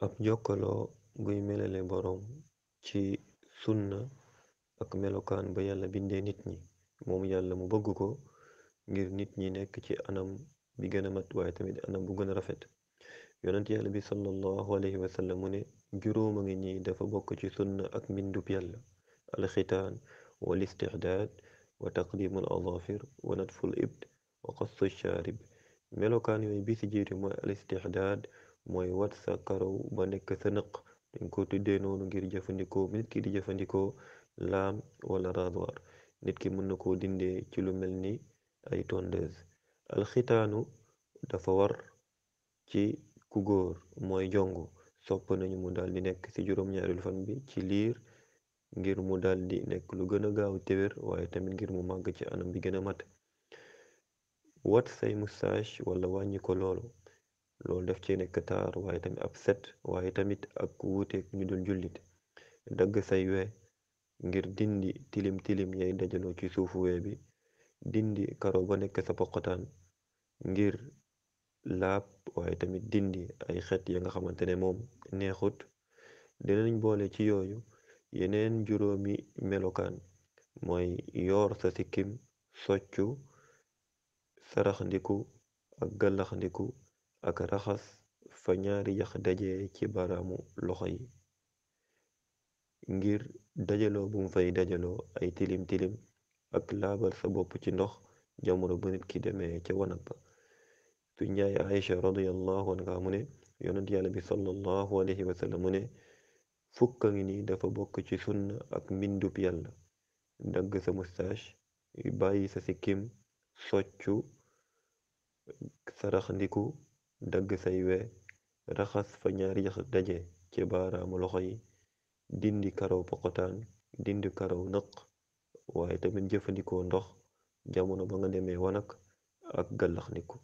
ab jokkaloo guy melale borom ci sunna ak melokaan ba yàlla bindee nit ñi moom yàlla mu bëgg ko ngir nit ñi nekk ci anam bi gën a mat tamit anam bu gën a rafet yonent yàlla bi sallallahu alayhi wa mu ne juróom a ngi ñi dafa bokk ci sunna ak mbindub yàlla alxitaan wal istixdaad wa taqdimu al azafir wa natfu l ibd wa qassu shaarib melokaan mooy wat sa karaw ba nekk sa nëq dañ ko tuddee noonu ngir jëfandikoo nit ki di jëfandikoo laam wala rasoir nit ki mën na koo dindee ci lu mel ni ay tondeuse alxitaanu dafa war ci ku góor mooy jongu sopp nañu mu dal di nekk ci juróom-ñaareelu fan bi ci liir ngir mu dal di nekk lu gën a gaaw téwér waaye tamit ngir mu màgg ci anam bi gën a mat wat say moustache wala wàññiko loolu loolu daf cee nekk taar waaye tamit ak wuuteeg ñu dul jullit dagg say we ngir dindi tilim tilim yay dajaloo ci suufu we bi dindi karo ba nekk sa poqotaan ngir laab waaye tamit dindi ay xet ya nga xamante ne moom neexut dinañ boole ci yooyu yeneen juróomi melokaan mooy yoor sa sikkim soccu saraxndiku ak gàllaxndiku ak raxas fa ñaari yax dajee ci baraamu loxo yi ngir dajaloo bum fay dajaloo ay tilim tilim ak laabal sa bopp ci ndox jamono bu nit ki demee ca wanag ba suñ yaay Aïcha radiyallahu anha mu ne yonent yàlla bi sallallahu alayhi wa ne fukk ngi nii dafa bokk ci sunna ak mbindub yàlla dagg sa moustache bàyyi sa sikim soccu sarax ndiku dagg say we raxas fa ñaari yax daje ci baaraamu loxo yi dindi karaw poqotaan dindi karaw nëq waaye tamit jëfandikoo ndox jamono ba nga demee wanag ak gallaxndiku